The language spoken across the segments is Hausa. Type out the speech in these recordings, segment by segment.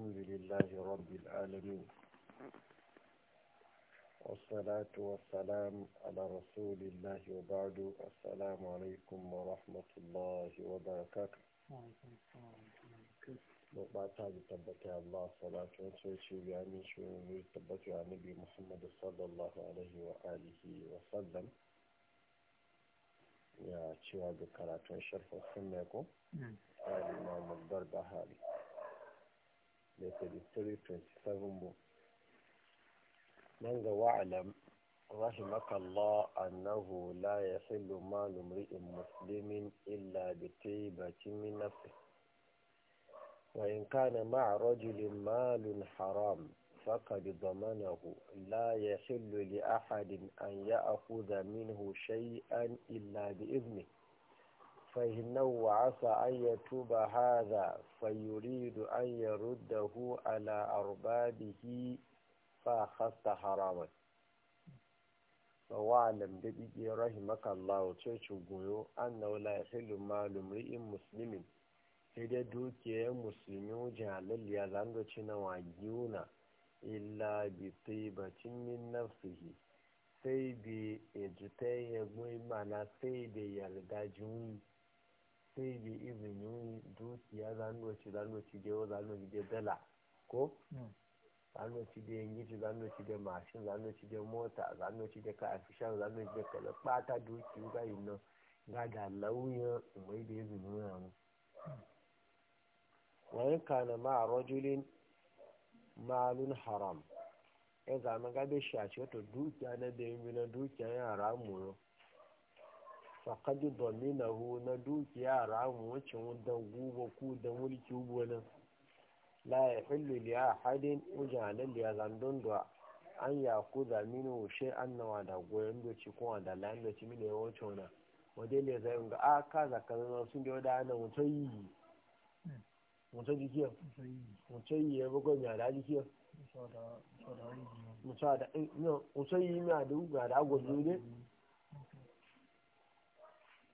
الحمد لله رب العالمين والصلاة والسلام على رسول الله وبعد السلام عليكم ورحمة الله وبركاته وبعد تبت الله صلاة ونسوي يعني شو محمد صلى الله عليه وآله وسلم يا شو هذا شرف وسنة نعم. الإمام من ذو 27 رحمك الله أنه لا يحل مال امرئ مسلم إلا بطيبة من نفسه وإن كان مع رجل مال حرام فقد ضمنه لا يحل لأحد أن يأخذ منه شيئا إلا بإذنه فإنه عسى أن يتوب هذا فيريد أن يرده على أربابه فأخذت حراما فوعلم بإجي رحمك الله تشجعه أنه لا يحل مال امرئ مسلم إذا دوكي مسلم جعل يلان وعيونا إلا بطيبة من نفسه sai bai ejita ya gwi mana sai bai yarda juyi sai bi izinin dukiya za nuna ci za nuna ci da yau za nuna ci dala ko hmm. za nuna ci da yangici za nuna ci da mashin za nuna ci da mota za nuna ci kaya kayan fishan za nuna ci da kaza bata dukiyu ga yin nan ga da lauyan mai da izinin mu. wani kana ma rajulin malun haram ya zama gabe shi a ce to dukiya na da yi na dukiya yana ramu faƙaɗi dominahu na dukiya ramu wacce wadon guba ku da mulki gonan la ya hillu liya hadin ujanen liya zandon da an ya ku zaminu she an nawa da goyon doci kuma da layan doci mini ya wuce wani wadda ne zai ga a ka zaka zama sun da wadda ana mutu yi mutu jikiya mutu yi ya bugon ya da jikiya mutu yi na da agwajo eh, ne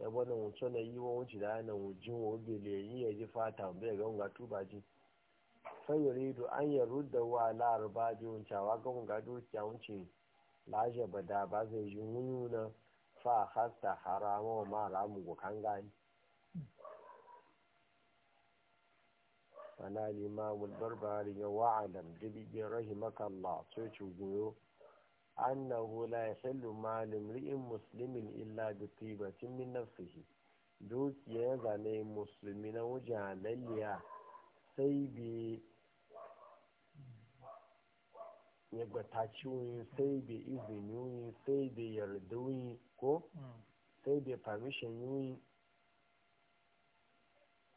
ya bana wuce na yi wa wuce da yana wuce wa ya yi ya ji fata bai ga wunga tuba ji sai rido an yi rudda wa laraba ji wuncawa ga wunga dukiya wuce laje ba da ba zai yi na fa hasta harama wa mara mu ga kan gani ana limamu barbari ya wa'alam dibigin rahimakallah sai ci goyo annahu la yahillu malum ri'in muslimin illa bi tibatin min nafsihi dukiyar zane musulmi na wuce halalliya sai bi ya gbata ciwoyin sai bi izini sai bi yarda ko sai bi permission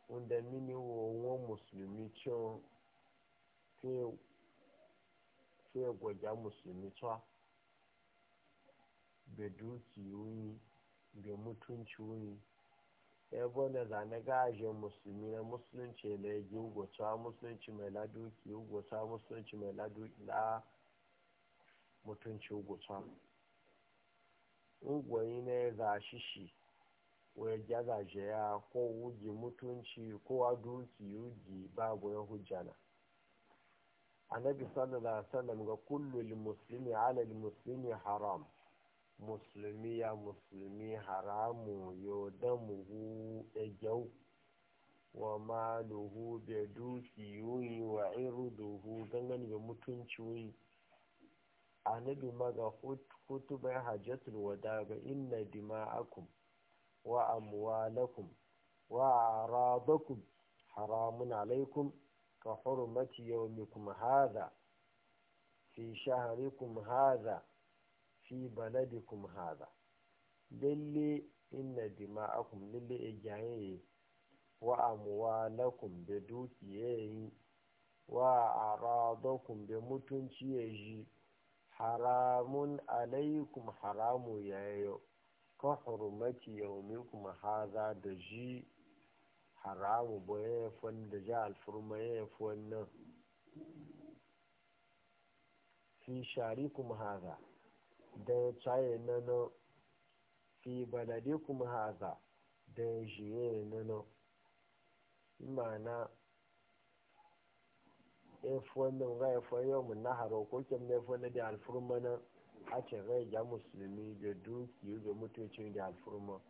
wanda mini wọ́n musulmi cewa ke gwaja musulmi cewa be wuni be da wuni ebo na zane gajin musulmi na musulunci na yi ugwata musulunci mai laduki ugwata musulunci mai laduki na mutunci ugwata ugwani ne za shi shi wai gazaje ya ko wuji mutunci ko a duki yugi babu ya hujjana annabi sallallahu alaihi wasallam ga kullul muslimi ala muslimi haram musulmi ya musulmi haramu yo damuhu ejau wa maluhu be yuyi wa iruduhu gangan be mutunci annabi maga hutubar hajjatul wada ga inna dima'akum wa amwalakum wa aradakum haramun alaikum ka hurmati yawmikum hadha fi shahrikum hadha fi baladikum haza lalle inna dima'akum lalle ejaye wa amwalakum da dukiyayi wa aradakum da mutunci yaji haramun alaikum haramu yayo ka hurmati kuma haza da ji haramu boye fon da ja alfurma ya fon nan fi kuma haza da tsaye na na fi balade kuma haza da jiye na na imana if wannan ga if yau mun na haro ko kin ne fa na da alfurma na a ce ga ya musulmi da duki da mutuncin da alfurma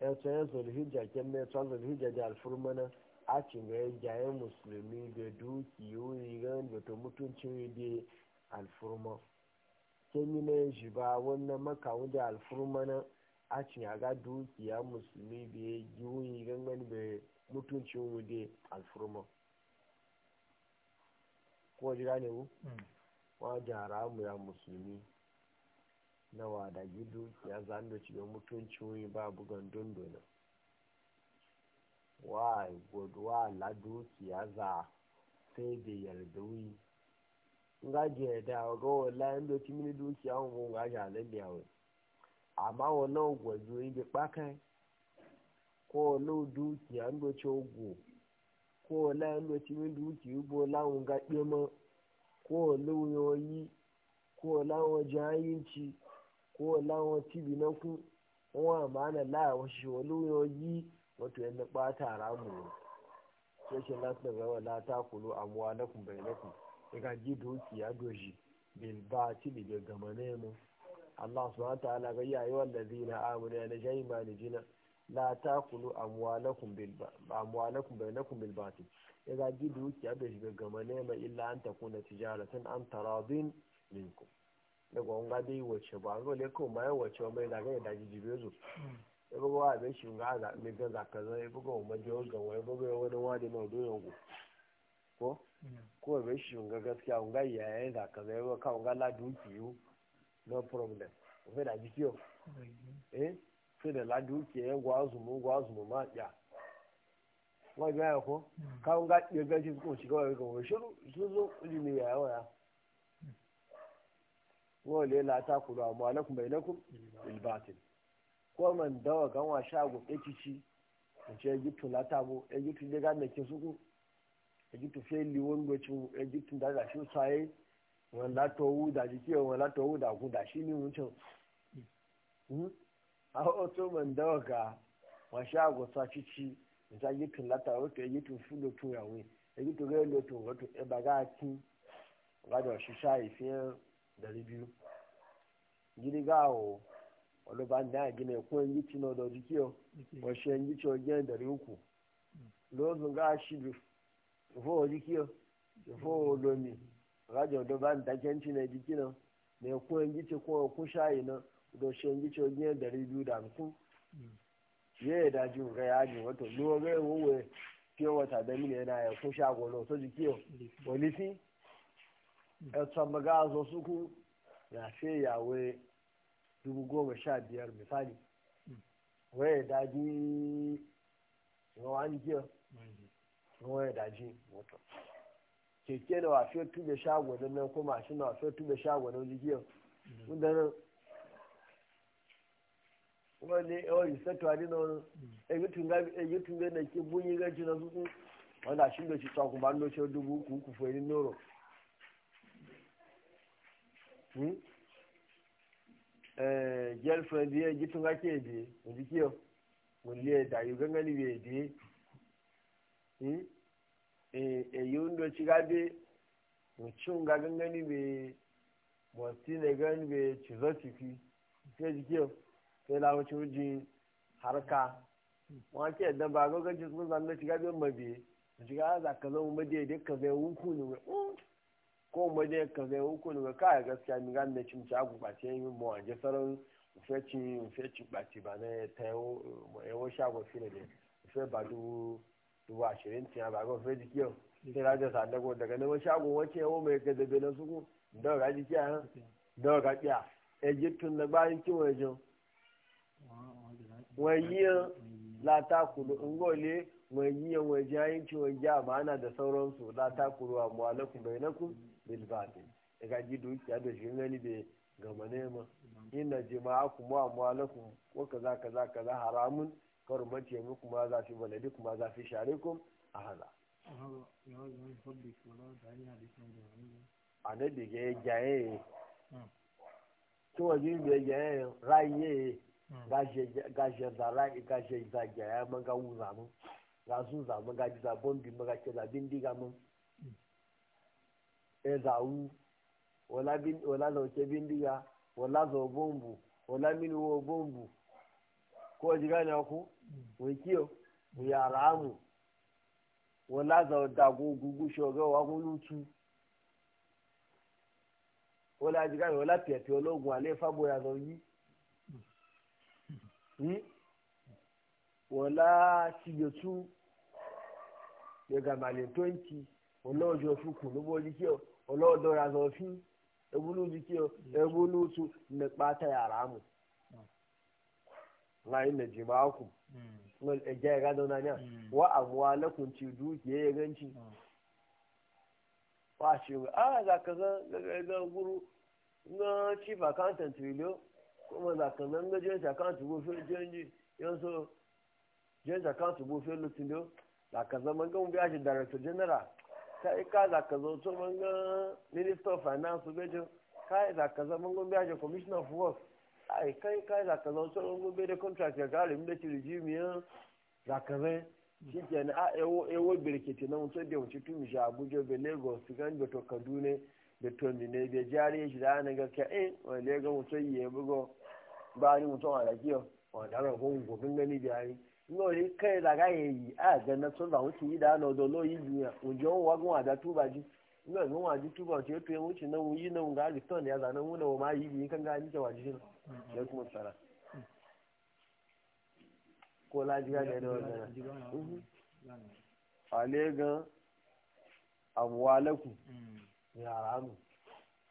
ya ce ya zulhijja kin ne ta hijja da alfurma na a ce ga ya musulmi da duki yoyi ga da mutuncin da alfurma kemina shi ba wannan maka wajen alfurmana a yaga dukiya musulmi biye giwuyi gangan da mutuncin wude alfurma ko ji gane mu jara mu ya musulmi na wada gidu ya zanda ci mutuncin wuyi ba bugan dondona wa god wa la dukiya za sai da yarda wuyi nga je da ga wallahi ndo ti mini dukiya ngo nga ja le dia we ama wona ogwo ju ibe pakan kwa lo dukiya ndo che ogwo ko la ndo ti mini dukiya bo la nga mo ko lo yoyi ko la wo jayinci ko na ku la wo shi wo lo yoyi wato yanda bata ramu sai lati da wala kulu na daga ji dukiya doji bil batili da gamane mu Allah subhanahu wa ta'ala ga yayi wallazina amanu na jayma ni jina la takulu amwalakum bil amwalakum bainakum bil batil daga ji dukiya doji ga gamane mu illa an ta takuna tijaratan an taradin minkum daga wanga dai wace ba ga le ko mai wace mai daga da jibe zo ebe ko abin shi ga ga me ga zakazan ebe ko majo ga wai ebe ko wani wani mai doyon ku ko mm. ko bai shi gaskiya un ga yayin da ka zai ka un ga la no problem o fe da dikiyo mm. eh fe da la dukiye gwazu mu gwazu mu ma ya ka gbé ẹ̀kọ́ káwọn gá gbẹgbẹ́ tí kò sí kọ́ ẹ̀kọ́ wọ́n ṣòro ṣòro ojú mi yàrá wọ̀nyá. wọ́n lè la takùrọ̀ àmọ́ alẹ́kùnbẹ̀ ilẹ́kùn ìlbàtì. kọ́mọ̀ ń dáwọ̀ káwọn aṣáàgùn ètìtì ìṣe egypt látàbọ̀ egypt lẹ́gà su ku? egitu feli wani gwacin egitu da ga shi saye wani tɔwu da jiki wani tɔwu da da shi ne wucin a otu man dawa ga wasu agwasa cici nta egitu lata wato egitu fulo to yawe egitu ga yalo to wato ebaga kin ga shi shayi fiye da biyu gidi gawo wani ba gina kun egitu na da jiki wasu egitu wajen dari uku lozun ga shi biyu fo oji kiyo fo olomi rajo do ba nta kenci na jiki na na ku enji ce ko ku shayi na do shi enji ce ojiyan dari biyu da ku ye da ji ga ya ji wato lo ga wowe fiye wata da mini yana ya ku go lo so e er hmm. jiki yo polisi ya tsammaga zo suku ya ce yawe dubu goma sha biyar misali waye daji yawan jiyo ruwan daji wato keke da wafe tube shagonin nan ko mashin da wafe tube shagonin jikiyar wanda nan wani yawon sato a dina wani egyptun ga da ke bunyi ganci na zuku wanda shi da shi tsakon ba ndoce dubu uku uku fuwanin noro hmm? eh, girlfriend ya egyptun ga biye jikiyar wani da yi gangani biye biye èyí hmm? eh, eh, ń doci gade mutum ga gangani mai motsi da gani mai cizo ciki sai jiki sai lawaci wujin harka wọn ke yadda ba ga ganci sun ka zama madiya da ko madiya ka zai huku ne ka gaskiya ni ga da cin cagu ba ce yin mu anje saran ufeci ufeci shago fina ne ufe dubu ashirin tiya ba ga fai jiki yau sai raja sadago daga nan shagon wace yau mai gaza bai na suku da ga jiki a da ga kiya tun na bayan kiwa ya jin wayiyan latakulu ngole wayiyan wajayin kiwo ya ma'ana da sauransu latakulu a mu'alakun bainakum bil ya e ga ji dukiya da shi gani bai gama nema inna jima'akum wa mu'alakum wa kaza kaza kaza haramun karumanci yanzu kuma za fi balade kuma za fi share kun a haza a na diga ya jaye tí wọ́n yí ìgbẹ́ yẹn ráyé gàṣẹ̀dàrá gàṣẹ̀dàjà yà má ga wù zàmú gàṣù zàmú gàjìdà bọ́ǹdì má gàṣẹ̀dà bíndì gàmú ẹ̀dà wù wọ́lá lọ́ọ̀ṣẹ́ bíndì gà wọ́lá bọ́ǹbù wọ́lá wọ́ bọ́ǹbù. ko ji gane ku wai mm. kiyo mu wala za da gugu shoga wa go lutu wala ji gane wala pepe ologun ale fabo ya zo yi mm. yi wala siyotu daga malin 20 wala ojo fuku lobo ji kiyo wala odora zo fi ebulu ji kiyo mm. ebulu tu ne pata yara Hmm. rayin na jima'aku wal ejja ya gado nanya wa amwalakum ci dukiya ya ganci wa hmm. shi a ah, za ka zan daga zan guru na chief accountant trillion kuma za ka zan ga joint account go fe jenji yan so joint account go fe lutin yau za ka zan ga mun gashi director general yi ka za ka zan to mun minister of finance bejo yi za ka zan mun ga gashi commissioner of works ai kai kai za ka zan sauran gobe da contract ya kare mu da ci rijimiyan za ka shi ke na ewo birkiti na mutum da wuce tun shi abuja bai lagos su kan beto kaduna da tondi ne bai jari shi da ana gaskiya in eh, wani lagos ya bugo ba ni a rakiya wani dara hon gobin gani da yayi kai da ga yi a ganin sun ba wuce yi da yi wa gun wa da tuba ji ina gun wa ji tuba ce to ya wuce nan yi nan ga ya ma yi bi kan ga ni ke wa ji alaikum mm-hmm. assalam ko lajiya ne da wannan ale abuwalaku yara mu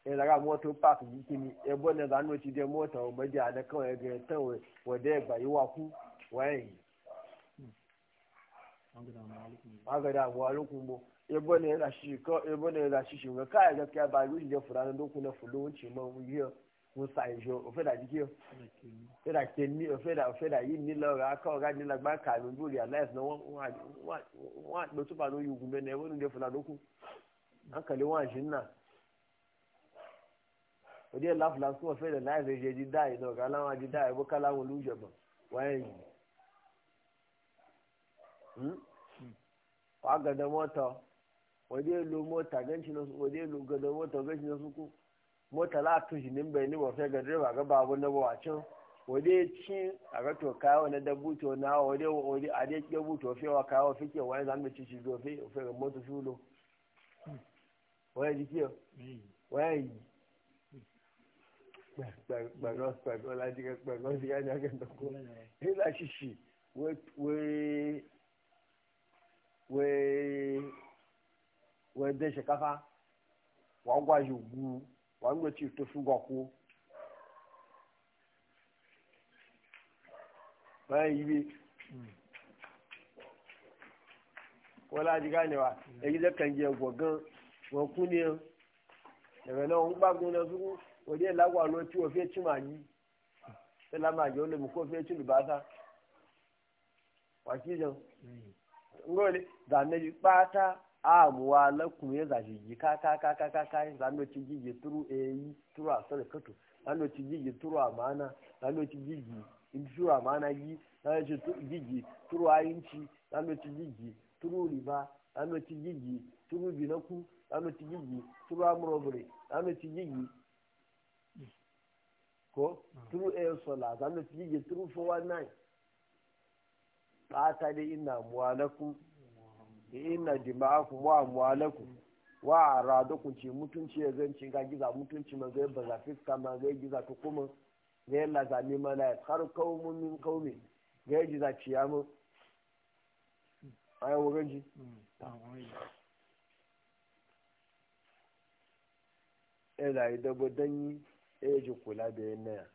e daga moto park yi kini e bonne da no ti moto o meje ga tan de gba yi wa ku yi mm-hmm. aga abuwalaku bo shi da shi shi ga kai ga ka ba yi de furana do na ma mu musa ìṣó òfèdà jíjí o òfèdà kẹmí òfèdà òfèdà yìí nílò ọ̀rọ̀ akọ́ ọ̀rá nílò agbá kàánú no òrìà láìsí náà wọ́n àgbẹ̀ tó bá ní oyún ogun mẹ́rin ẹ̀wọ́n nílò fúnra lókù àkàlẹ́ wọn àṣì nà òdi ẹ̀ láfùlà fún òfèdà láìsí ẹ̀ṣẹ̀ di dáì náà ọ̀rọ̀ aláwọn adi dáì ẹ̀bọ́ káláwọn olùjọ̀bọ̀ wáyé yìí wàá gàdọ̀ mọ́tọ̀ òdi èlò mọ́tà gẹ́ńtì náà òdi èlò gàdọ̀ mọ́tọ̀ mota la tushi nin bai ni wafe ga direba ga babu na bawacin wade ci a ga to kawo na dabuto na wade wade a dai ke buto fewa kawo fike wani zan da cici dofe ofe ga mota shulo wani jike wani gbàgbọ́ gbàgbọ́ láti gbàgbọ́ sí yáni akẹ́kọ̀ọ́ nígbà ṣíṣì wẹ́ẹ́ dẹ́sẹ̀ káfá wàá gbàyò gbúu. wàá tí tó fún gọkú báyìí bí wọ́n láti gánewa èyí lẹ́kàn jẹ gbọ̀ngàn wọ́n kú ní ẹ ẹ̀rẹ̀ náà ń gbágun náà fún òde ìlàwọ̀ àlọ́ tí wọ́n fẹ́ tún màá yí ṣé lámà jẹ́ olómi kó fẹ́ tún lùbáṣá wàá kí jẹun ń gbọ́dọ̀ dàmẹ́jì pátá. amuwa lakum ya zaji ji ka ka ka ka ka ci gigi turu eyi turu a sarri kato ci gigi turu a mana zano ci gigi in a yi ci gigi ci gigi turu riba zano ci gigi turu binaku zano ci gigi turu amurobere zano ci gigi ko ci gigi 419 ba ta ina inna dima'akum wa amwalakum wa aradukum ci mutunci ya zanci ga giza mutunci ma zai baza fiska ma zai giza ta kuma zai lazami mana ya tsar kaumun min kaumi zai giza ciyamun ayan wurin ji ila eh, yi dabo danyi e eh, ji kula da yin naya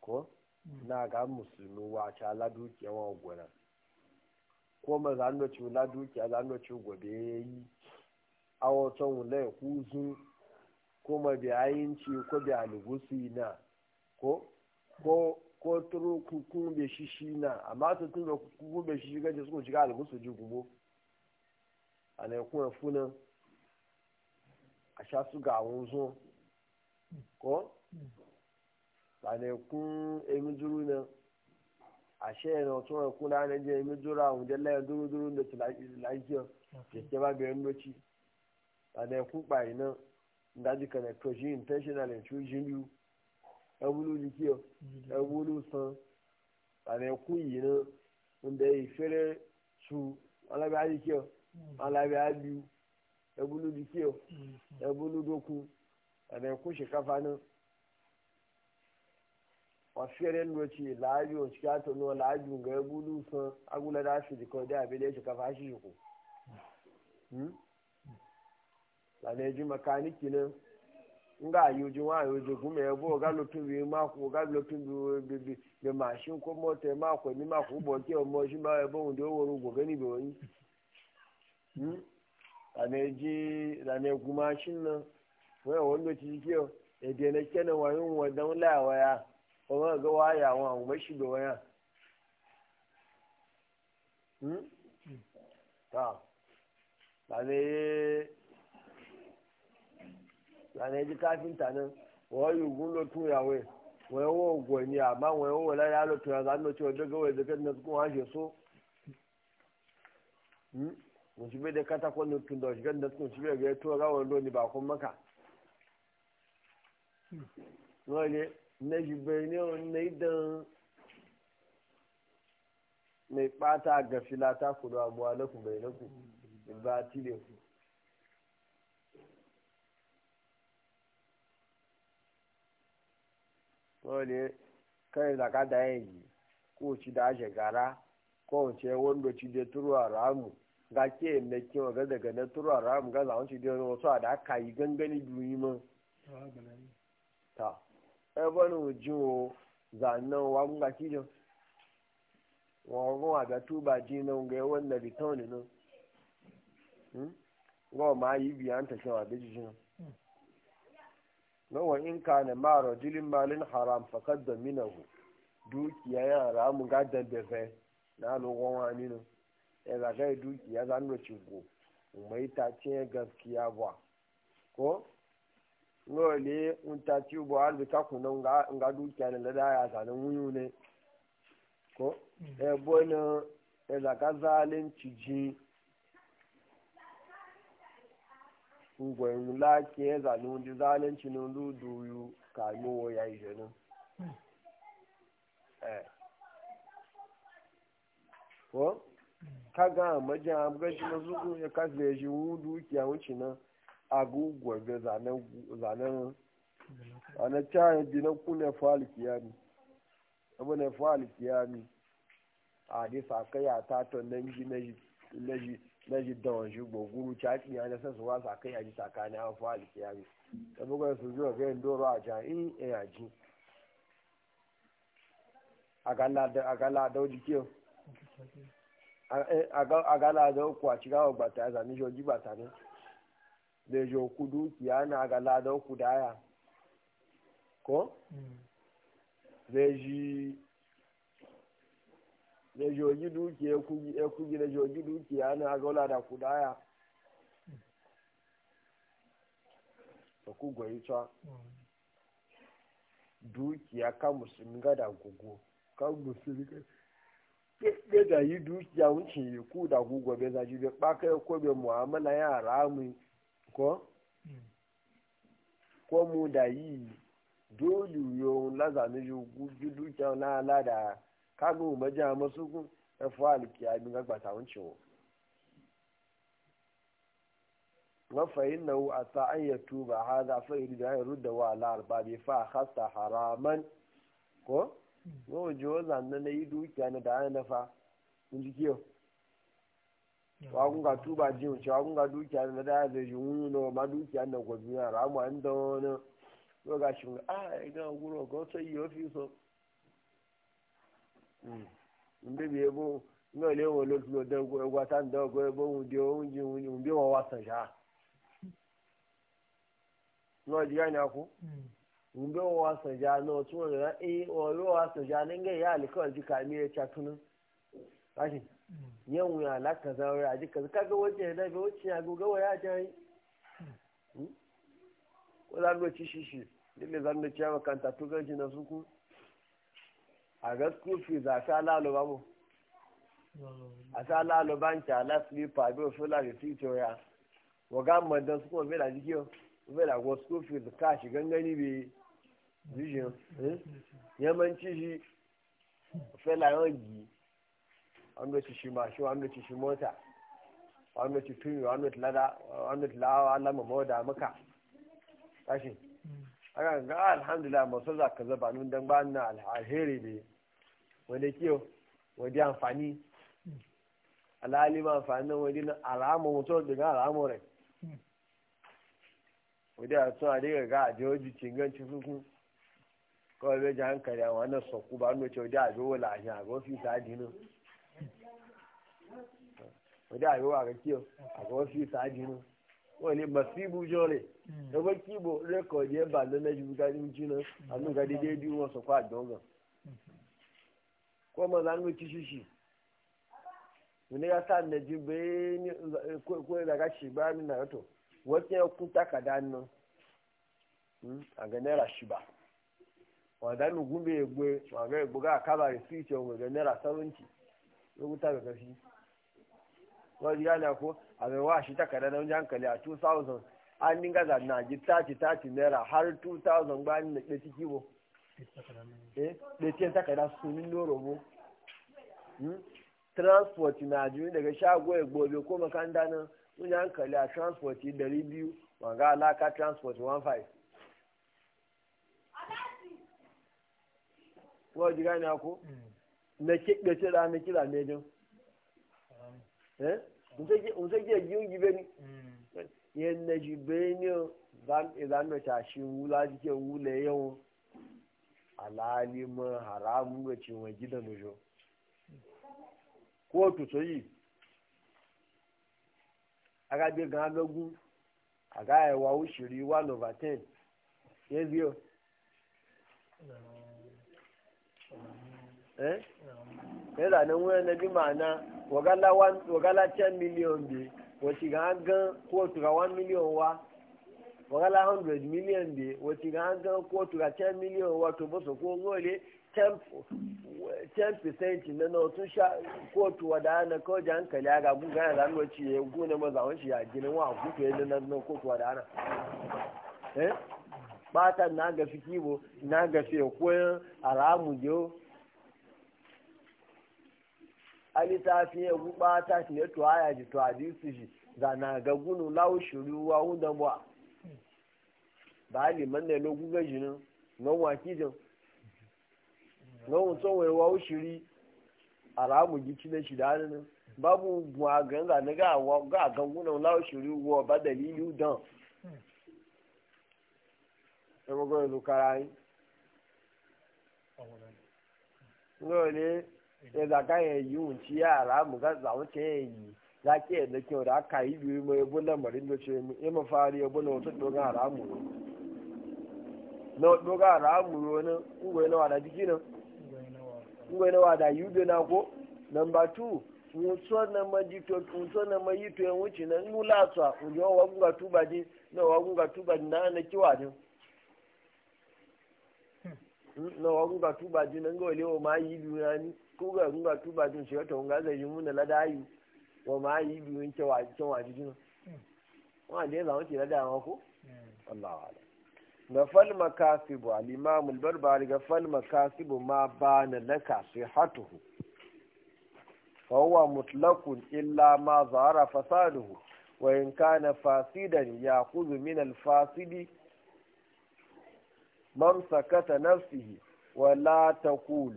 ko mm. na ga musulmi wa ta ala dukiyawa gona ko ma za nuna ciwo dukiya za nuna ciwo gobe ya yi awon son wula ya kuzu ko ma bi ayinci ko bi alugusi na ko ko ko turu kukun bai shishi na amma su tun da kukun bai shishi gaji suka shiga alugusu ji gubo a na kuma funan a sha su ga wunzo ko ba mm. eh, na kun emi juru nan ashe na tsoron kula na je mi dura mu jalla ya duru duru da tilaki lafiya ke ke ba ga yammaci a da ku bai nan da ji kana to shi intentional and true jin yu abulu e dikiyo abulu e san a da ku yi nan inda yi fere su alabi ayi kiyo mm. alabi abiu abulu e dikiyo abulu mm. doku a da ku shi kafa nan ọ̀fẹ́rẹ́ ló ti láàyò ṣíkàtò náà láàyò nǹkan ẹgbúlú san agúnlẹ́dá fìdí kan dé àbílẹ̀ ṣe káfá ṣìṣòkò. lànà ẹjú mẹkáníìkì náà nga ayojo wọn ayojo gúnmẹ ẹbú ọgá ló tún bí máàkù ọgá ló tún bí bèbè bè màṣín kó mọtẹ máàkù ẹmí máàkù bọ kí ọmọ ọṣù máa ẹbọ òun tó wọrọ gbọgẹ níbẹ wọnyí. lànà ẹjí màṣín náà wọn ẹwọn ló ti di kí ọ èdè ẹnẹkẹ náà wọn ń dánwó ya. ko ma ga waya wa ba shi da waya hmm ta ba ne ba ne ji kafin ta nan wa yi gun lo tun ya we wa yi gwani a ma wa yi wa la ya lo tun ya za mu ciwo da gawai da kan na kun haje so hmm mun shi bai da katakon da tun da shi kan da tun shi bai ga ya tuwa gawar lo ni ba kun maka Wale, na jibirniyon na idan mai bata ga filata ku da abuwa na ku bai na ku ba tile ku wale kan zaka da yi ko ci da ashe gara ko ce wanda ci da turuwa ramu ga ke na kewa ga daga na turuwa ramu ga zawon ci da wasu a da aka yi gangani ma ta ẹbọnù ojú o zànà wà ń gbà kíjọ wọn rún àgbà tó bá jí ń gẹ tán nínú wọn máa yí bí à ń tẹsán àbẹjì jìnnà lọ́wọ́ nǹkan ní máa rọ̀ dílé malin haram fakad dominahu dukiya yan haramu ga dandafe na lọ́wọ́ wọn nínú ẹ̀rọ dukiya zanúrò ṣùgbọ́n mai ta ce gaskiya ba ko ngole unta ci bo albi taku na nga nga dukiya na lada mm. e. mm. e ya sa nan wuyu ne ko e bono e da ka zalin ciji ngwe ngula ke za nun di zalin ci nun du duyu ka yi wo ya yi jenin eh ko kaga majin abgaji mazuku ya kasbe shi wudu kiya wuce nan agugwa ga zanen ana na kuna fali kiyami abu na fali a a nan ji na ji dawon shi ya na sassuwa sakai a ji tsakanin an fali kiyami ta bugar su zuwa gayin doro a jami'in ya ji a gala da wajen kiyo a gala da a ya shi gbata ne da jo ku dukiya na ga ladan ku daya ko mm. zai ji da jogi dukiya ya kugi da jogi dukiya na ga ladan ku daya da ku goyi ta mm. dukiya ka musulmi gada gugu ka musulmi gada bai da yi dukiya wuce ku da gugu bai zaji bai ɓaka ya ko bai mu'amala ya ramu ko hmm. ko mu da yi dole yo laza ne yo gudu kyan na lada kagun maja masu kun ẹfọ aliki abin gagba ta ci wo wafa yin na wu a ta an ba ha za fa iri da ya rudda wa ala bi fa hasta haraman ko? Yau hmm. ji wa zanne yi dukiya na da ya nafa, kun ji wa kun ka tuba jiyo cewa kun ka dukiya na da da jiwu na ma dukiya na gobi na ramu an da wani yau ga shi a ina guro ko sai yi ofi so nde bi ebo nga le wo lo lo da go egwa ta nda go ebo mm. un di un ji un bi wa wasan sha no ji ga ni aku un eh, bi wa wasan sha no tun ra e o lo wasan sha ne nga ya le ji ka mi e chatun Kashi. yan wuya laka kaza a aji kaza kaga wace da ga wace ya goga waya ta yi hmm? ko za mu ci shishi dole za mu ci ya makanta to ganci na suku a ga school za ta lalo ba mu a ta lalo ban ta la slipper bi ofula da tito ya wa ga madan su ko bai da jikiyo bai da go school fee ka shi gangani bi vision yamanci shi ofula yan gi wani lokaci shi mashi wani lokaci shi mota wani lokaci tuni wani lokaci lada wani lokaci lawa alama mu mawa da maka kashi hmm. aka ga alhamdulillah masu za ka zaba nun dan ba na alheri ne wani kiyo wanda amfani hmm. alalima amfani nan wani na alama mutum daga alama rai hmm. wanda a suna daga ga a jihohi cinganci suku kawai bai ji hankali a wannan sauku ba nuna cewa da a zo wala a shi a adinin ọdẹ àríwá rẹ kí ọ àkọ́kọ́ ìsáájú nù wọn lè mọ sí ibùjọ ẹgbẹ hmm. kí rẹkọọdì ẹbà lọlẹjú gadi ń jiná hmm. àánú gadi déédéé wọn sọ fún àjọ wọn. kọ́mọ ṣíṣì oníyàtà nẹjú bẹ́ẹ̀ ní kó ìlàgà ṣìgbà mi nàrọ̀tọ̀ ọkùn ṣùgbà wani gane ko a mai wa shi takarda na wajen hankali a 2000 an dinga zanna ji taci taci naira har 2000 bayan da ɗaya ciki bo ɗaya ce takarda su min noro bo transport na jini daga shago ya gobe ko makanda na wajen hankali a transport 200 wanga alaka transport 15 wọ́n jí gáyìn akó hmm. mẹ́kí pẹ̀sẹ̀ rà mẹ́kí rà mẹ́jọ́ nzɛgye yi yi bɛ ni yɛn na yi bɛ ni o zanu e, shi wula jike wula yau alali ma haramun da cewa gidan so yi aga bi gan aga ẹwà e one over ten yébi o ẹ ẹ lànà wọn wagala 10 million bi wati ga gan kotu ga 1 million wa wagala 100 million bi wati ga gan kotu ga 10 million wa to boso ko ngole 10 percent na na tun sha kotu wa da na ko jan kali ga bu ga da no ci e gu na maza won shi ya ginin wa ku ke na na kotu wa da na eh ta na ga fikibo na ga fe ko alamu jo alitafi ya guba ta shi ne tuwa ya ji tuwa ji su shi zana ga gunu lawo shiru wa wunda ba ba liman ne logu ga jinin ngon waki jin ngon tsawai wa shiri ala gici na shi da nan babu gwagan zane ga ga ganguna lawo shiru wa ọba dalili dan sai e mago yanzu karayi ngole ya zaka ya yi wunci yara mu ga zawuce ya yi za ki yadda kyau da aka yi biyu mai bu lamarin da ce ya mafari ya bula wata dogon haramu na dogon haramu wani ungwai na wada jiki nan ungwai na wada yi biyu na ko namba two nso na majito nso na majito ya wuce na nula sa unjo wa gunga tubaji na wa gunga tubaji na ana kiwa na wagun ga tuba ji nan ga walewa ma yi biyu na ni ko ga ga tuba ji shi wata wunga zai yi muna ladayu wa ma yi biyu in cewa cikin waji jina wa da ya zama ce lada ma ko Allah wa ga fal makasibu al imam al barbari ga fal makasibu ma bana laka sihatuhu fa huwa mutlaqun illa ma zahara fasaduhu wa in kana fasidan ya'khudhu min al fasidi man sakata nafsihi wa la taqul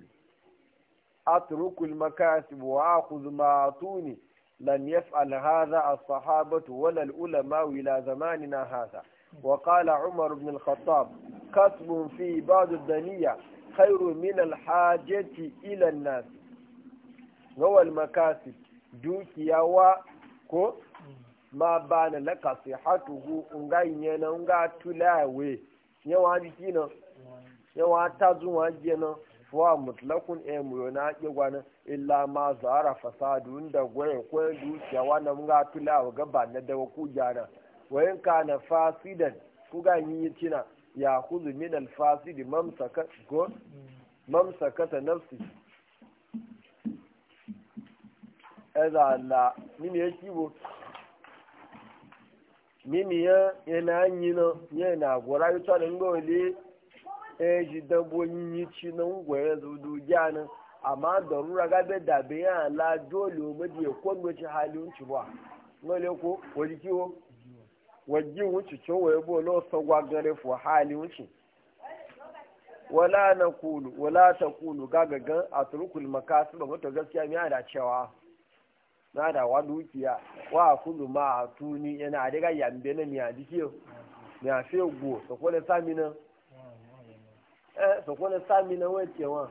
atruku al-makasib wa akhudh ma atuni lam yaf'al hadha as-sahabatu wa la al-ulama ila zamanina hadha wa qala umar ibn al-khattab kasb fi ba'd ad-dunya khayru min al-hajati ila an-nas wa al-makasib dukiya wa ko ma bana lakasihatuhu ungayinyana ungatulawe yawa jiki na yawa ta zuwa jiya na fuwa mutlakun emu eh, mu na ake gwanin illa ma zara fasadu da gwaye kwaye dukiya wannan ga tula a gaba na daga ku gyara wayan ka na fasidan ku ga yi tina ya kuzu min alfasidi ta nafsi ezala mini ya kibo mimi ya na anyi na yana na yi tsarin gbole e ji dabo yi ci na ngwaye zudu na amma da rura gabe da ya la dole o ya hali unci ba ngole ko wani kiwo waji unci cin waye bo lo gare fo hali unci wala na kulu wala ta kulu gagagan a ba mutu gaskiya mi da cewa na da wa dukiya wa kulu ma a tuni yana daga yambe na miya dikiyo fi guo sakwai sami na eh sakwai sami na wace wa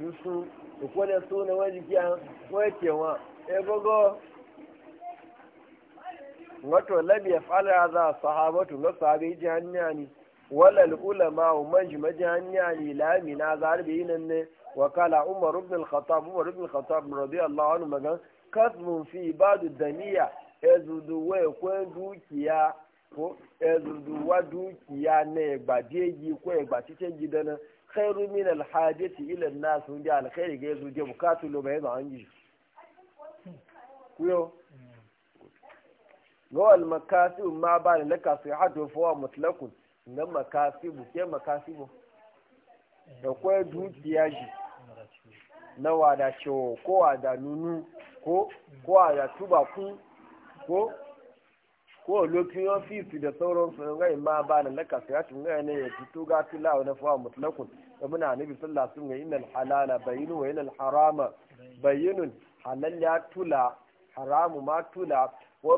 yusu sakwai su na wace kiya wace wa e gogo wato labi ya fara za sahabatu na sahabi jihanniya ne wala ulama wa manjima jihanniya ne lamina zarbi yi ne وقال عمر بن الخطاب عمر بن الخطاب رضي الله عنه مغان كظم في بعض الدنيا ezuduwa ekwen dukiya ko ezuduwa dukiya na egba deji ko egba cikin gidana khairu ila nas mun ja alkhairi ga yazo je bukatu lo bai ba anji kuyo go al makasib ma ba ne laka sihatu fa mutlaqun nan makasibu ke da kwai dukiya shi na wada cewa ko da nunu ko ko wada tuba kun ko ko lokin ofisi da sauran sunan gani ma ba na laka sai tun gani ne ya fito ga tula na fawa mutlakun da muna nabi sallallahu sun ga inal halala bayinu wa inal harama bayinun halal ya tula haramu ma tula wa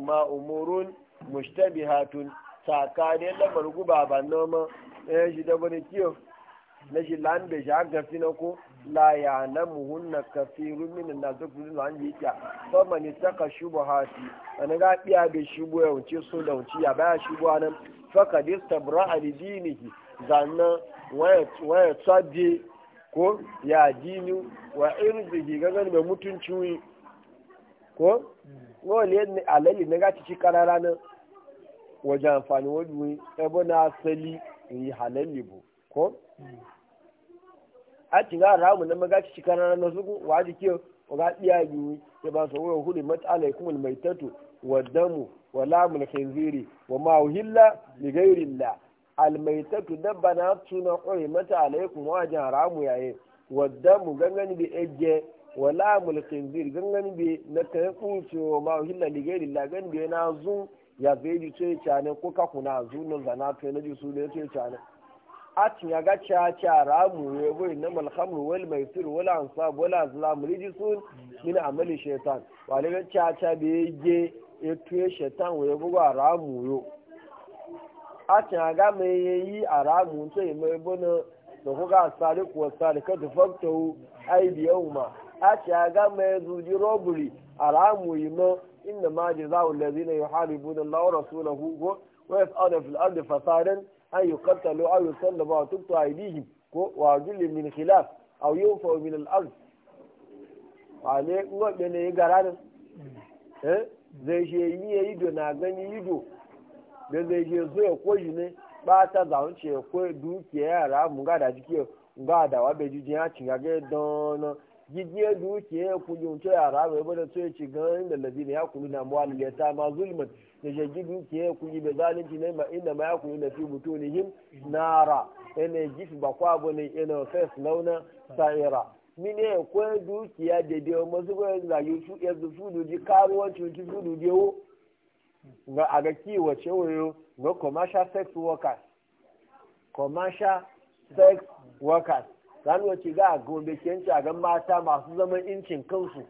ma umurun mushtabihatun tsakanin lamar guba ba noma eh shi da bane kiyo na shi lambe shi haka fi na ko la ya'lamuhunna kathirun min an-nas kullu an yika fa man ittaqa shubuhati an ga biya be shubu ya wuce so da wuce ya baya shubu anan fa kad istabra li dinihi zanna waya waya tsadi ko ya dinu wa irzihi ga ganin mai mutunci ko wani ne alali na gaci ci karara nan wajen amfani wajen ebe na asali yi halali bu ko ati ga ramu na maga ci kana na suku wa ji ke ga iya yi ke ba so wurin hudi matsalai kuma mai tatu wa damu wa lamul khinziri wa ma uhilla li ghairillah al maitatu dabba na tuna quri mata alaikum wa jan ramu yaye wa damu gangani bi ejje wa lamul khinziri gangani bi na kai kuce wa ma uhilla li ghairillah gangani bi na zu ya zai ji ce ko ka na zu nan zana na ji su ne ce ce atin ya gaci ya ramu ya bai na malhamru wal mai sir wala ansab wala azlam rijisun min amali shaitan wale ga ci a ci ya ge ya tuye shaitan wa ya bugu a ramu yo atin ya ga mai ya yi a ramu to ya mai bana da kuka sari kuwa sari ka ta fakta hu aibi yau atin ya ga mai zuji robbery a ramu yi ma inda ma jaza'ul lazina yuharibuna Allah wa rasulahu wa yas'aluna fil ardi fasadan an yi kattalo an yi sallama wa tuktu a yi ko wa julin min khilaf a yi fa min al'arz wa ne ngwaɓe ne yi gara nan zai shi yi ya ido na gani ido da zai shi zo ya koji ne ba ta zaun ce ko dukiya yara mun ga da jike ga da wa bai jijin ya cinga ga don jijiyar dukiya ya kujin ce yara bai bada so ya ci ganin da labi ne ya kulu na muwalil ya ta ma zulmin da jirgi dukiya ku yi da zalunci ne inda ma ya ku yi da fi butunihim nara ene gifi ba kwa bane ene fes launa sa'ira mini ya kwa dukiya da da masu kwa zagi su ya zu fudu ji karuwanci wuci fudu ji wo ga aga kiwace wayo ga commercial sex workers commercial sex workers zanuwa ci ga gombe kenci a ga mata masu zaman incin kansu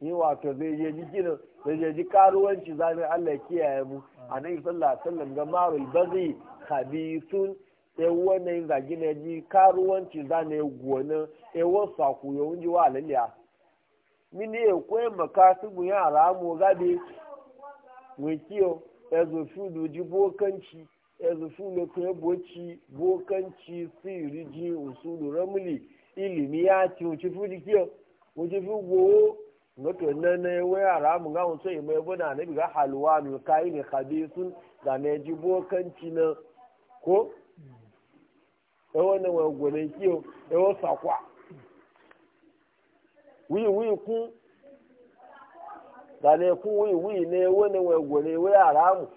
ni wato zai je ji gina zai je ji karuwanci zamin Allah kiyaye mu a nan sallallahu alaihi wasallam ga marul bazi khabithun e wannan ga gina ji karuwanci zane gona e wasa ku ya unji wa laliya mini e ko makasibu ya ramu gabe mu kiyo ezo fudu doji bokanci ezo fudu ko boci bokanci siriji usulu ramli ilimi ya ci mu ci fudu kiyo mu ci fudu wato na ne waya ramu ga mun sai mai buna nabi ga halwanu kai ne khabisun da ne ji bokanci na ko Ya wani wa gonan kiyo eh wa sakwa wi wi ku da ne ku wi wi ne wannan wa gonan waya ramu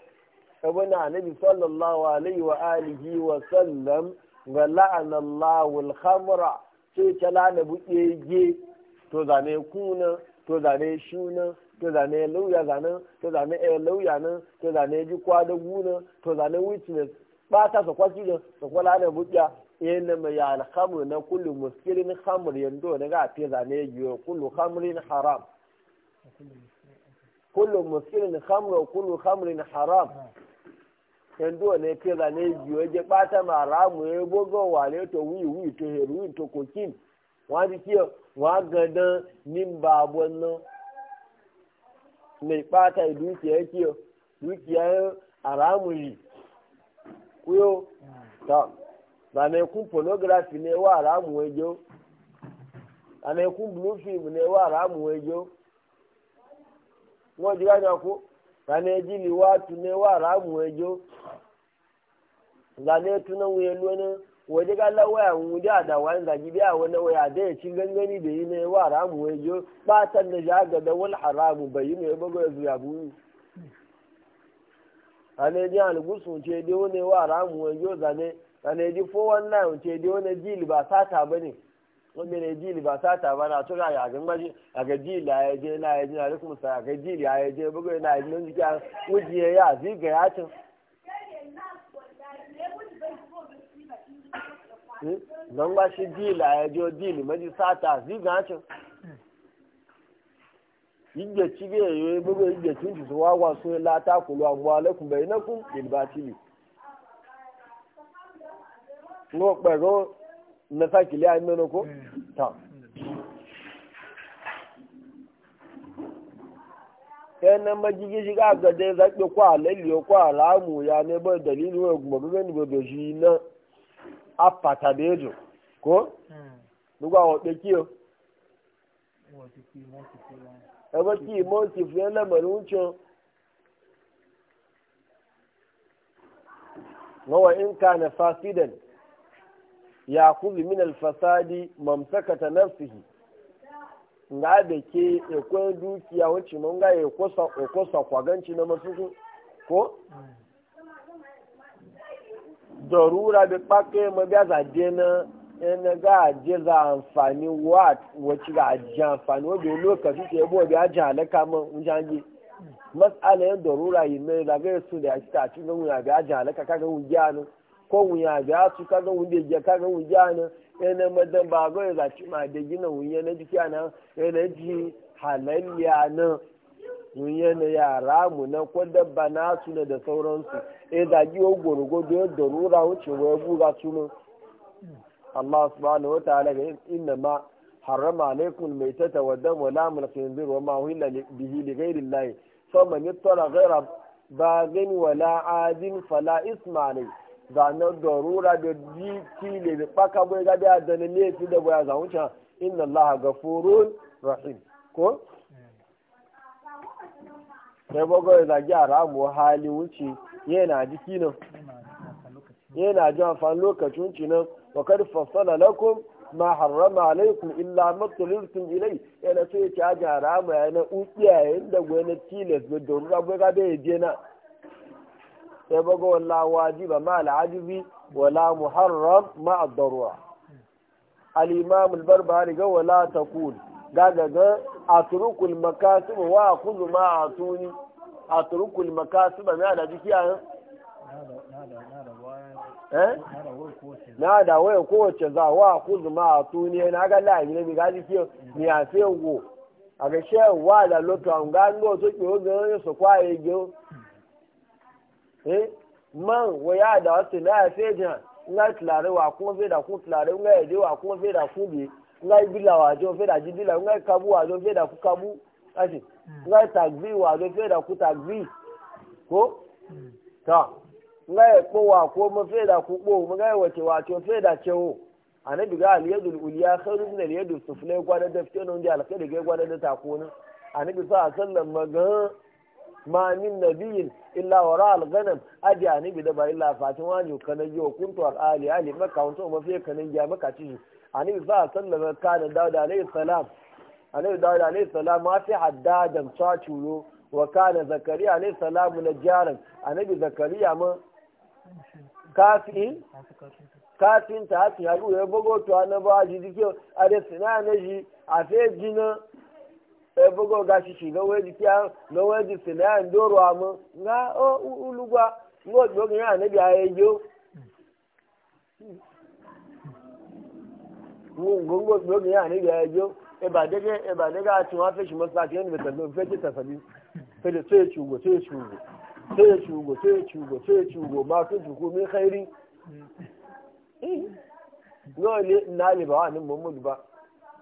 Ya buna bi sallallahu alaihi wa alihi wa sallam ga la'anallahu al-khamra sai ta lana buke to zane na. to zane shu nan to zane lauya zanen to zane air lauya nan to zane ji kwadagu nan to zane witness ba ta sa kwasi nan sa kwala da bukiya yana mai ya alhamur na kullu muskirin hamur yando na ga fi zane yiwu kullu hamurin haram kullu muskirin hamur kullu hamurin haram yando ne fi zane yiwu ya ba ta ma ramu ya bogo wale to wiwi to heroin to cocaine wọ́n ti kí ọ wọ́n á gandan ní bàbá ọ̀nà mai ɓata dúkìá kí ọ ta àràmù yìí kúyó tọ́ lànàkún pornography ní ẹwà àràmù ẹjọ́ lànàkún blue film ní ẹwà àràmù ẹjọ́ wọ́n ti rájà kó lànàjí ni wàá tún ní ẹwà àràmù ẹjọ́ lànàtúnáwó yẹn lónìí. waje ga Allah waya mu da da wani zagi biya wani waya da ya ci gangani da yi ne wa ramu wai yo ba tan da ja ga da wal haramu bai yi ne ba ga zuya bu ane ji an gusu ce dai wani wa ramu wai yo zane ane ji fo wannan ce dai wani jili ba sata bane wanda ne jili ba sata ba na tura ya ga maji a e ga jili ya je na ya je na rukum sa ga jili ya je bugo na ya je nan ya wuji ya ziga ya tun zan ba shi dila ya jo dili maji sata ziga cin yigbe ci be yi bugo yigbe tun ci so wawa so la ta kulu amwa lakum bainakum bil batili no pego na sa kile ay meno ko ta ẹnna mẹjigi ṣi ká gbẹdẹ ẹsẹ pé kó àlẹ lè kó àlámù ya ní ẹgbẹ ìdẹlẹ ìlú ẹgbọn bíbẹ apata bejo ko lugba wọ pé kí o ẹgbẹ́ kí ìmọ̀ ti fi ẹlẹ́mọ̀rí ń tún wọ́n wọ nǹka na fasidan ya kúbi min fasadi mamsakata nafsihi nga da ke ekwen dukiya wacce o ga kwa kwaganci na masuku ko mm. darura bi kpake ma bi aza ga aje za amfani wat wace ga aje amfani wabi lokaci ke yabo bi aje halaka ma wujange masala yin darura yi mai da ga su da ta ci ga wuya bi aje halaka kaga wuya ne ko wuya bi asu kaga wuya ga kaga wuya ne ene madan ba ga za ci ma de gina wuya na jiki ana ene ji halalya na wuya na yara mu na ko dabba na su da sauransu ìdájí ogorogodo ìdòrúra òtí wọ́n búra túnú allah subhanahu wa ta'ala ga inna ma harrama alaikum almaytata wa dam wa lam al-khinzir wa ma uhilla bihi li ghayri allah faman yattara ghayra baghin wala adin fala isma alayhi zane darura da jiki ne da baka bai gabi a da ne fi da baya zaun can inna Allah gafurun rahim ko sai hmm. bago da zagi a ramu hali wuce yana jiki nan yana lokacin ci nan wa kad fassala lakum ma harrama alaikum illa ma tulirtum ilai yana so ya ci aji harama ya na yayin da gwena tilas da don rabu ga da ya je na sai baga wala wajiba ma al'ajibi wala muharram ma ad-darura al-imam al-barbari ga wala taqul ga ga atrukul makasib wa khudhu ma atuni a turukul makasu ba na da jikiya eh? na da waya kowace za wa kuzu ma a tuniya na ga la'ayi ne mi ga jikiya mi a sai wo a ga shi wa da lotu an ga an gozo ki o ga su kwaye gyo eh man waya da wasu na ya sai jan nga tilare wa kun fe da kun tilare nga ede wa kun fe da kun bi nga ibila wa jo fe da jibila nga kabu wa jo fe da ku kabu kashi hmm. nga tagzi wa ga fe da ku tagzi ko hmm. ta nga ya ko wa ko mu fe da ku ko mu ga wace wace fe da cewo annabi ga aliyadul uliya khairu min aliyadul sufla gwa da dafke non da alkhairi ga gwa da takona annabi sa sallan maga ma min nabiyin illa wara alganam aji annabi da ba illa fatin wajo kana yo kuntu al ali ali makka wanto mafi kana ya maka ci annabi sa sallan kana dauda alayhi salam annabi dawud alayhi salam ma fi haddadan sa curo wa kana zakariya alayhi salam najjaran annabi zakariya ma kafin kafin ta hakin ya ruwa ya bugo to an ba ji dike a da sina na ji a fe jina ya bugo ga shi shi ga wai dike na wai ji sina an doro amu nga o ulugwa ngo dogo ya yi ayejo ngo ngo dogo ya annabi ayejo Eh, ba daga e eh, ba daga a cewa fa ne da kallon fa ce tasabi fa da sai shugo sai shugo sai shugo sai shugo sai shugo ma su shugo min khairi eh, no le na le ba wani mamudu ba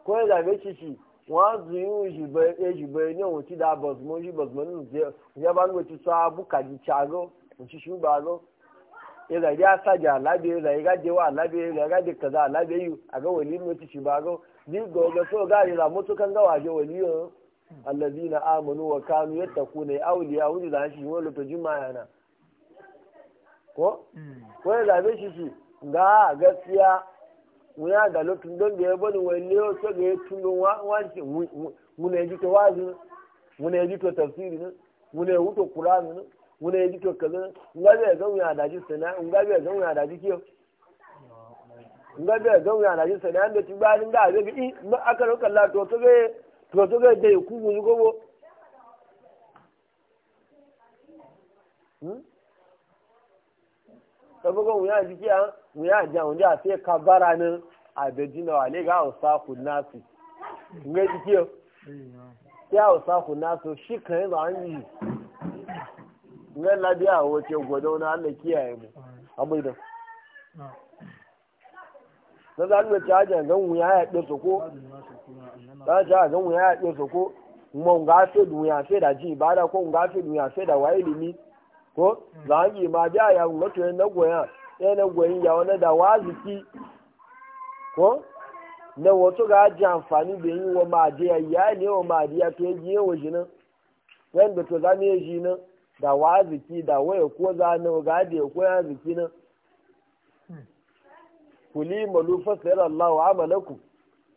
ko ya zabe shi shi wa zuyu shi ba shi ba ne wuti da bazmo shi bazmo ne ya ba ngo ti sa bu ka di chago shi ba go ya zabe asaja labe ya zabe ga dewa alabe ya ga kaza labe a aga wali mu ti shi ba go zigo ga so ga ila kan ga waje waliyo allazina amanu wa kanu yattaquna awliya wani da shi wani to juma'a na ko wani da be shi shi ga gaskiya wuya ga lotun don da ya bani waliyo to ga ya tunun wanci mun yaji to wazi mun yaji to tafsiri ne mun yaji wuto qur'ani ne mun yaji to kaza ga ga nga bɛ gawo hmm? ya lajɛ sɛnɛ an bɛ ti gbaari nga bɛ bi a kana la tɔ tɔgɛ tɔ tɔgɛ de ye k'u wuli ko wo. sabu ko wuya na an wuya jan wunde a sai ka ni a bɛ ku nga jiki yau sai sa ku shi kan an yi nga labiya wace gwadon na allah kiyaye mu abu na za mu ci ajin ga mu ya yaɗe su ko za ci ajin ga mu ya yaɗe su ko fe du ya fe da ji ibada ko mu ga fe du ya fe da wayi limi ko za yi ma ja ya mu to na goya ya na goyin ya wani da waziki ko na wato ga aja amfani da yi wa madiya ya ne wa madiya to yi wa jinin yanda to za mu yi jinin da waziki da waya ko za na ga da ko ya ziki nan kuli malu fasira Allah wa amalaku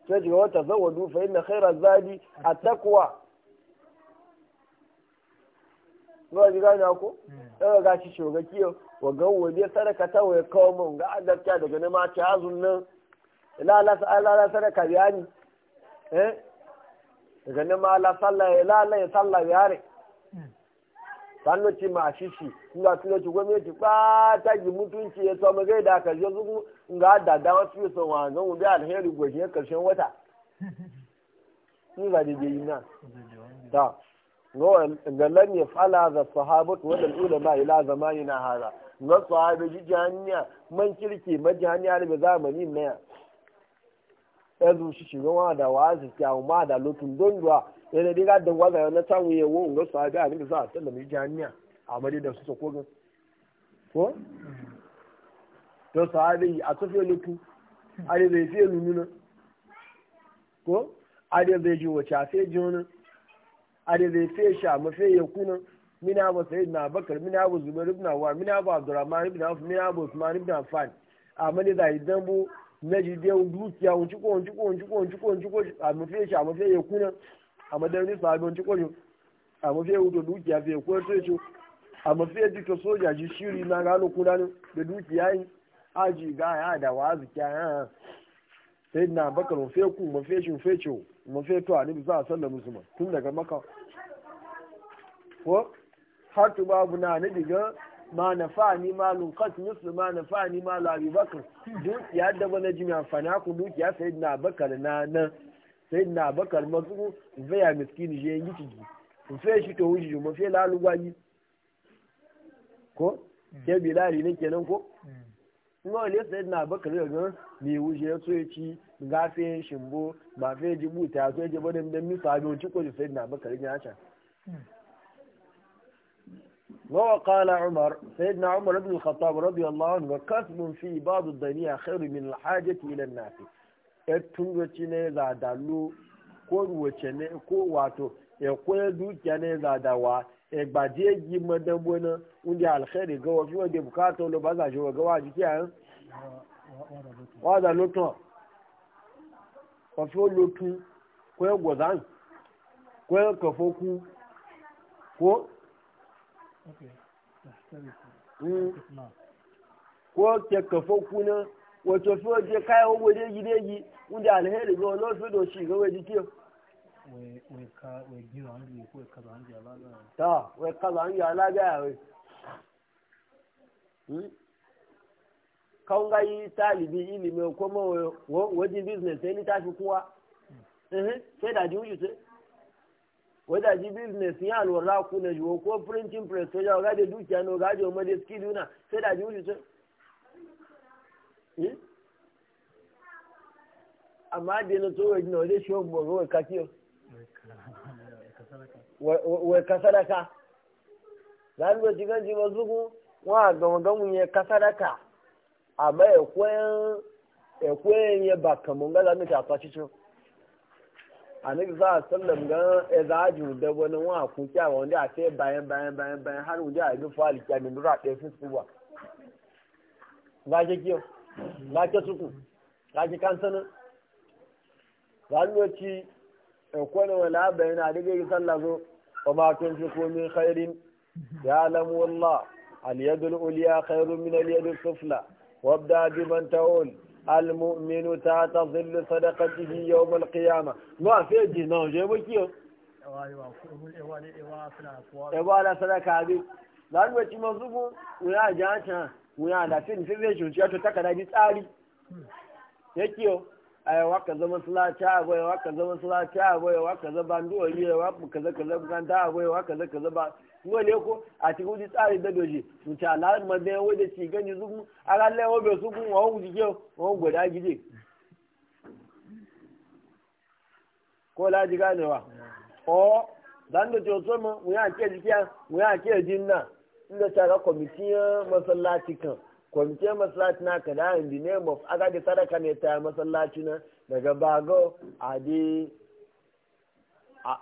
sai ji wata zawadu fa inna khaira zadi a takwa zuwa ji gane ko hmm. ga shi shoga kiyo wa gawo ne sadaka ta waya kawo mun ga adabta daga ma mace azun nan lala sadaka biya ni eh daga ne ma la sala la la sala yare ci ma shishi nga tuloci gwamnati ta ji mutunci ya so zai da karshen su nga da wasu su yi son mu bi alheri gwashi ya karshen wata ni ba daidai yi na ta ga lan ya fala za sahabatu wadda ma ila zamani na hara na sahabe ji jihaniya man kirki ma jihaniya da bai zamani na ya ya zo shi shiga wa da wa azikiya ma da lotun don yana dai ga dan waza na tamu ya wo ngo sa ga ni za ta lamu jami'a amma dai da su ko ga ko to sahabi a tafi luku ari zai fiye nuna ko ari zai ji wace a fiye ji wani ari zai fiye sha mafiye ya na min abu sayid na bakar min abu zubair ibn wa min abu abdurrahman ibn auf min abu usman ibn affan amma dai zai dambo na ji dai dukiya wunci ko unci ko unci ko unci ko unci ko a mafiye sha mafiye ya kuna a madarni sabon ci kwayo a yau da dukiya fiye ko sai ce a yau duka soja ji shiri na gano kudanin da dukiya yi aji ga ya da wa zikiya ya sai na bakar mafiya ku mafiya shin fece mafi to a ni za a sallar musulman tun daga maka ko har tu babu na ni ga ma na fani malun kat mislu ma na fa ma malu bakar dukiya da bana jimi amfani ku dukiya sai na bakar na nan sai na bakar matsu zai ya miskini je yi ciki sai shi to wuce mu sai lalu gwani ko mm. ke bilali ne kenan ko mm. ngo le sai na bakar ne ga me wuce so ya ci gafe shimbo ba sai ji buta so ya ji bane dan mi sabo ci ko sai na bakar ne ya ta وقال عمر سيدنا عمر بن الخطاب رضي الله عنه كسب في بعض الدنيا خير من الحاجة إلى النافذ tundoci ne za da lu ko ruwace ne ko wato ya koya dukiya ne za da wa ya gi madabo na inda alkhairi ga wafi wanda bukata wani ba za shi wa gawa jiki a yan wada lotun wafi lotun ko ya gwazan ko ya kafoku ko ko ke kafoku na wato fi waje kayan ogo deji deji wanda alheri ga wani fi do shi ga waje kiyo ta wai kaza an yi alaga ya wai hmm? kan gayi talibi ilimi kuma wajen business sai ni tafi kuwa hmm. sai da ji wuce sai wadda ji business ya alwara kuna jiwo ko printing press to ya gaje dukiya no gaje o made skill una sai da ji wuce sai amma da yana tsohon gina wajen shi wani bozo wai kakiyo wai kasaraka za su ci ganci ba zuku wa gama gamun ya kasaraka amma ya kwayan ya ba kamun ga zami ta fashi cin a nan za a sallam ga ya za a jiru da wani wa kukiya wanda a sai bayan bayan bayan bayan har wuce a yi nufa alikiya mai nura ɗaya sun tsuwa ba ke kiyo na ke suku kaji kan sanin za mu yi ci ikwani wani abu yana daga yi sallah zo o ma tun fi komi khairin ya lamu wala aliyadul uliya khairun min aliyadul sufla wabda diban ta'ul almu'minu ta ta zille sadakati bi yau malkiyama ma a fiye ji na je mu kiyo ewa ala sadaka bi za mu yi ci masu bu ya ji a wuya da sai sai zai shunci ya to takada bi tsari yake yo ai waka zama sulata abai waka zama sulata abai waka zaba nduwari ya waka kaza kaza kanta abai waka kaza kaza ba ngo le ko a ti gudi tsari da doji mutu ala ma da yawo da ci gani zugun ala le wo be zugun wa wu dije wa wu goda gije ko la diga ne wa o dan da to so mu ya ke dikiya mu ya ke jinna inda ta ga kwamitin masallaci kan kwamitin masallaci na ka da in the name aga da sadaka ne ta masallaci na daga bago a di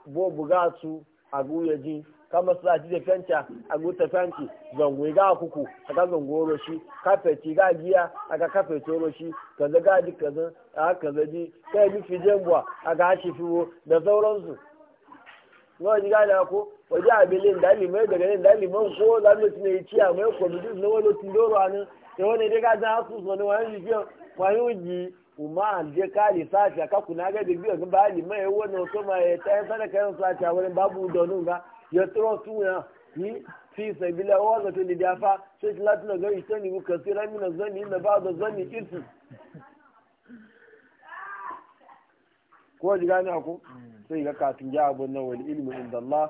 bo buga su a guya ji ka masallaci da fenta a guta fenti zangwe ga kuku a ga zangoro shi kafeci ga giya a ga kafeci roshi kaza ga ji kaza a kaza ji kai bi fi jembuwa a ga shi fiwo da sauransu. Yau ko waje abele ndali mai daga ne ndali man ko za mu tine ci a mai committee na wani tindoro an da wani dai ka san asu so ne wani jiyo wani uji umma je ka li safi ka kuna ga da biyo ba li mai wani to mai ta sadaka yan safi wani babu donun ga ya tro tuya ni fi sabila wa ga tun da fa sai ki latin ga istani mu kasira min zanni inda ba da zanni irsi ko ji gane ku mm. sai ga katun ja abun nan wal ilmu inda Allah